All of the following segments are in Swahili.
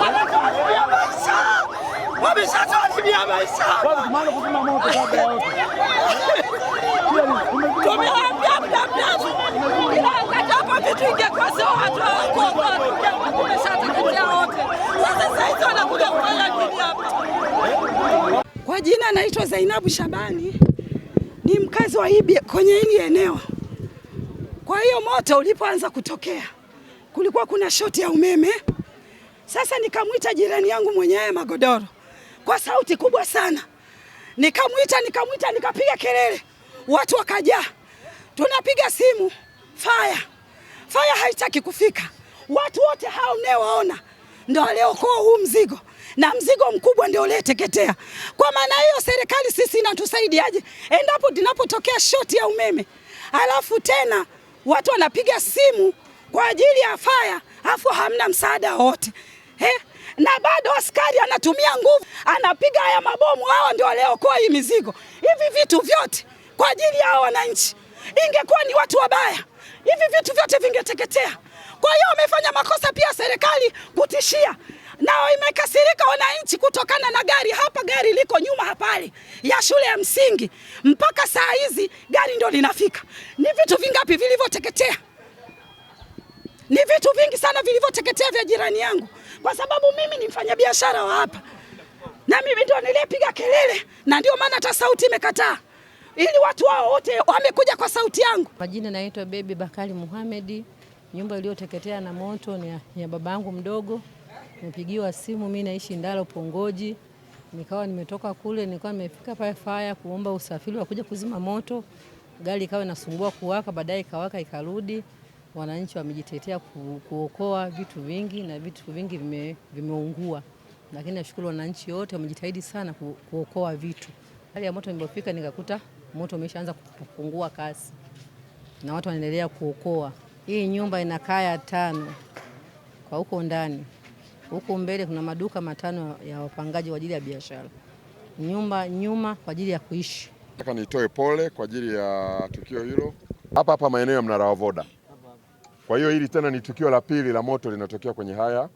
wanatuharibia maisha, wameshatuharibia maisha. Tumewaambia muda mrefu, ila hapo kitu ingekuwa sio watu tumeshateketea wote. Sasa wanakuja kufanya nini hapa? Kwa jina naitwa Zainabu Shabani, ni mkazi wa hibi kwenye hili eneo. Kwa hiyo moto ulipoanza kutokea kulikuwa kuna shoti ya umeme. Sasa nikamwita jirani yangu mwenyewe magodoro kwa sauti kubwa sana, nikamwita nikamwita, nikapiga kelele, watu wakaja, tunapiga simu faya faya, haitaki kufika. Watu wote hao mnaoona ndio waliokoa huu mzigo na mzigo mkubwa ndio ulioteketea. Kwa maana hiyo, serikali sisi inatusaidiaje endapo tunapotokea shoti ya umeme alafu tena watu wanapiga simu kwa ajili ya faya, afu hamna msaada wote eh? na bado askari anatumia nguvu, anapiga haya mabomu. Hao ndio waliokoa hii mizigo, hivi vitu vyote kwa ajili ya wananchi. Ingekuwa ni watu wabaya, hivi vitu vyote vingeteketea. Kwa hiyo wamefanya makosa pia, serikali kutishia nao imekasirika wananchi, kutokana na gari hapa, gari liko nyuma pale ya shule ya msingi, mpaka saa hizi gari ndio linafika. Ni vitu vingapi vilivyoteketea? Ni vitu vingi sana vilivyoteketea vya jirani yangu, kwa sababu mimi ni mfanyabiashara wa hapa na mimi ndio niliyepiga kelele, na ndio maana hata sauti imekataa, ili watu wao wote wamekuja kwa sauti yangu. Majina naitwa Bebi Bakari Muhamedi. Nyumba iliyoteketea na moto ni ya babangu mdogo. Nimepigiwa simu, mimi naishi Ndalo Pongoji, nikawa nimetoka kule, nilikuwa nimefika pale faya kuomba usafiri wa kuja kuzima moto, gari ikawa inasumbua kuwaka, baadaye ikawaka ikarudi wananchi wamejitetea ku, kuokoa vitu vingi na vitu vingi vime, vimeungua, lakini nashukuru wananchi wote wamejitahidi sana ku, kuokoa vitu. Hali ya moto nilipofika nikakuta moto umeshaanza kupungua kasi na watu wanaendelea kuokoa. Hii nyumba ina kaya tano kwa huko ndani, huko mbele kuna maduka matano ya wapangaji kwa ajili ya biashara, nyumba nyuma kwa ajili ya kuishi. Nataka nitoe pole kwa ajili ya tukio hilo hapa hapa maeneo ya mnara wa Voda. Kwa hiyo hili tena ni tukio la pili la moto linatokea kwenye haya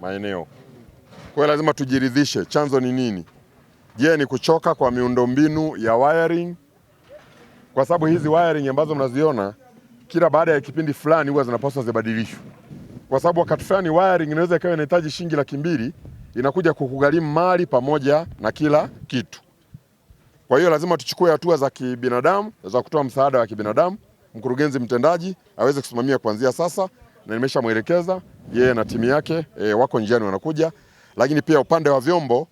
maeneo. Kwa hiyo lazima tujiridhishe chanzo ni nini. Je, ni kuchoka kwa miundombinu ya wiring? Kwa sababu hizi wiring ambazo mnaziona kila baada ya kipindi fulani huwa zinapaswa zibadilishwe, kwa sababu wakati fulani wiring inaweza ikawa inahitaji shilingi laki mbili inakuja kukugharimu mali pamoja na kila kitu. Kwa hiyo lazima tuchukue hatua za kibinadamu za kutoa msaada wa kibinadamu mkurugenzi mtendaji aweze kusimamia kuanzia sasa, na nimeshamwelekeza yeye na timu yake e, wako njiani wanakuja. Lakini pia upande wa vyombo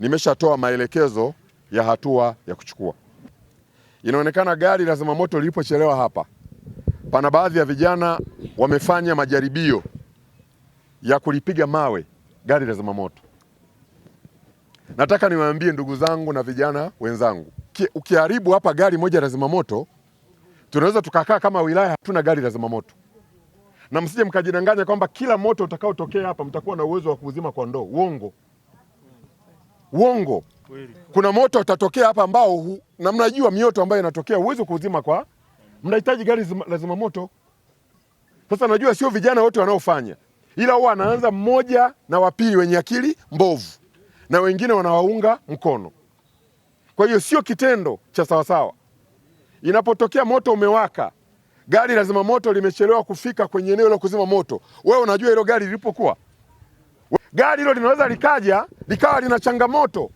nimeshatoa maelekezo ya hatua ya kuchukua. Inaonekana gari la zimamoto lilipochelewa hapa, pana baadhi ya vijana wamefanya majaribio ya kulipiga mawe gari la zimamoto. Nataka niwaambie ndugu zangu na vijana wenzangu, ukiharibu hapa gari moja la zimamoto tunaweza tukakaa kama wilaya hatuna gari la zimamoto, na msije mkajidanganya kwamba kila moto utakaotokea hapa mtakuwa na uwezo wa kuuzima kwa ndoo. Uongo, uongo. Kuna moto utatokea hapa ambao na mnajua mioto ambayo inatokea uwezo kuuzima kwa, mnahitaji gari la zimamoto. Sasa najua sio vijana wote wanaofanya, ila huwa anaanza mmoja na wapili wenye akili mbovu na wengine wanawaunga mkono. Kwa hiyo sio kitendo cha sawasawa. Inapotokea moto umewaka, gari la zima moto limechelewa kufika kwenye eneo la kuzima moto, wewe unajua hilo gari lilipokuwa? Gari hilo linaweza likaja likawa lina changamoto,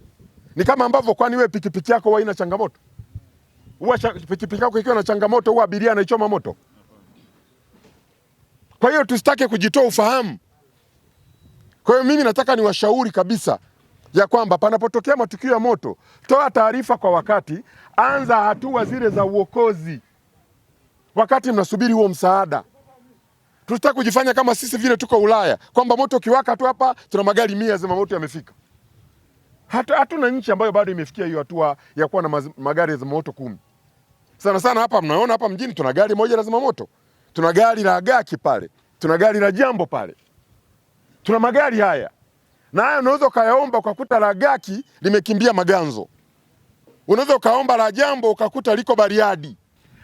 ni kama ambavyo, kwani wewe pikipiki yako huwa ina changamoto? Huwa pikipiki yako ikiwa na changamoto, huwa abiria anaichoma moto? Kwa hiyo tusitake kujitoa ufahamu. Kwa hiyo mimi nataka niwashauri kabisa ya kwamba panapotokea matukio ya moto, toa taarifa kwa wakati, anza hatua zile za uokozi wakati mnasubiri huo msaada. Tunataka kujifanya kama sisi vile tuko Ulaya, kwamba moto ukiwaka tu hapa tuna magari mia zima moto yamefika. Hata hatuna nchi ambayo bado imefikia hiyo hatua ya kuwa na magari ya moto kumi. Sana sana hapa mnaona hapa mjini tuna gari moja la moto, tuna gari la gaki pale, tuna gari la Jambo pale, tuna magari haya na haya unaweza ukayaomba ukakuta la Gaki limekimbia Maganzo, unaweza ukaomba la Jambo ukakuta liko Bariadi.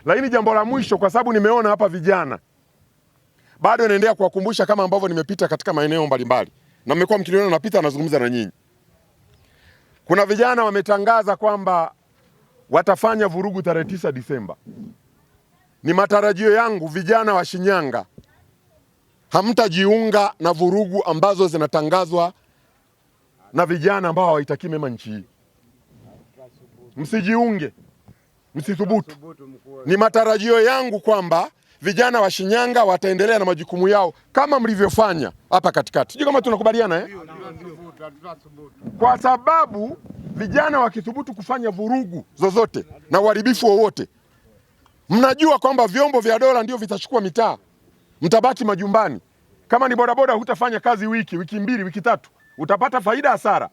Lakini jambo la mwisho, kwa sababu nimeona hapa vijana bado naendelea kuwakumbusha kama ambavyo nimepita katika maeneo mbalimbali na mmekuwa mkiniona napita nazungumza na nyinyi. Kuna vijana wametangaza kwamba watafanya vurugu tarehe tisa Disemba. Ni matarajio yangu vijana wa Shinyanga hamtajiunga na vurugu ambazo zinatangazwa na vijana ambao hawaitaki mema nchi hii. Msijiunge, msithubutu. Ni matarajio yangu kwamba vijana wa Shinyanga wataendelea na majukumu yao kama mlivyofanya hapa katikati. Sijui kama tunakubaliana eh? Kwa sababu vijana wakithubutu kufanya vurugu zozote na uharibifu wowote, mnajua kwamba vyombo vya dola ndio vitachukua mitaa, mtabaki majumbani. Kama ni bodaboda, hutafanya kazi wiki, wiki mbili, wiki tatu utapata faida hasara?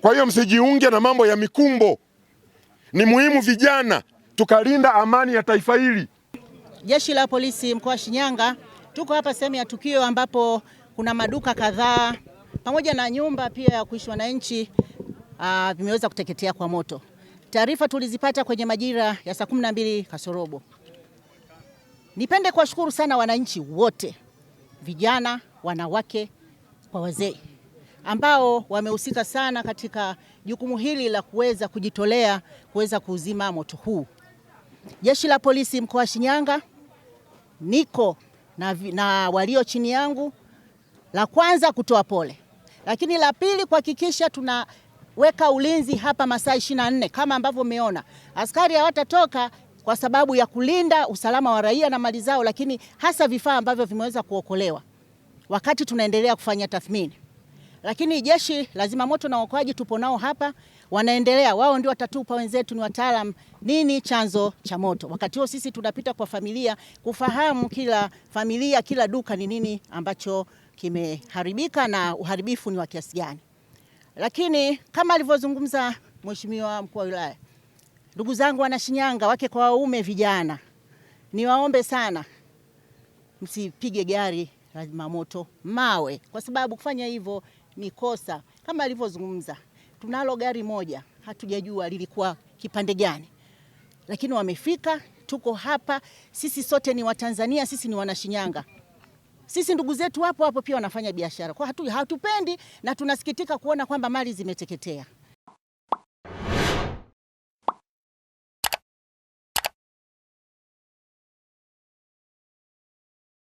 Kwa hiyo msijiunge na mambo ya mikumbo. Ni muhimu vijana tukalinda amani ya taifa hili. Jeshi la polisi mkoa wa Shinyanga, tuko hapa sehemu ya tukio ambapo kuna maduka kadhaa pamoja na nyumba pia ya kuishi wananchi ah, vimeweza kuteketea kwa moto. Taarifa tulizipata kwenye majira ya saa kumi na mbili kasorobo. Nipende kuwashukuru sana wananchi wote, vijana, wanawake, kwa wazee ambao wamehusika sana katika jukumu hili la kuweza kujitolea kuweza kuuzima moto huu. Jeshi la polisi mkoa wa Shinyanga niko na, na walio chini yangu, la kwanza kutoa pole, lakini la pili kuhakikisha tunaweka ulinzi hapa masaa 24 kama ambavyo umeona askari hawatatoka kwa sababu ya kulinda usalama wa raia na mali zao, lakini hasa vifaa ambavyo vimeweza kuokolewa wakati tunaendelea kufanya tathmini. Lakini jeshi la zimamoto na uokoaji tupo nao hapa, wanaendelea wao, ndio watatupa, wenzetu ni wataalam, nini chanzo cha moto. Wakati huo sisi tunapita kwa familia kufahamu kila familia, kila duka ni nini ambacho kimeharibika na uharibifu ni wa kiasi gani. Lakini kama alivyozungumza Mheshimiwa mkuu wa wilaya, ndugu zangu Wanashinyanga, wake kwa waume, vijana, niwaombe sana msipige gari lazima moto mawe, kwa sababu kufanya hivyo ni kosa. Kama alivyozungumza, tunalo gari moja, hatujajua lilikuwa kipande gani, lakini wamefika, tuko hapa. Sisi sote ni Watanzania, sisi ni Wanashinyanga, sisi ndugu zetu hapo hapo pia wanafanya biashara kwa hatu, hatupendi na tunasikitika kuona kwamba mali zimeteketea.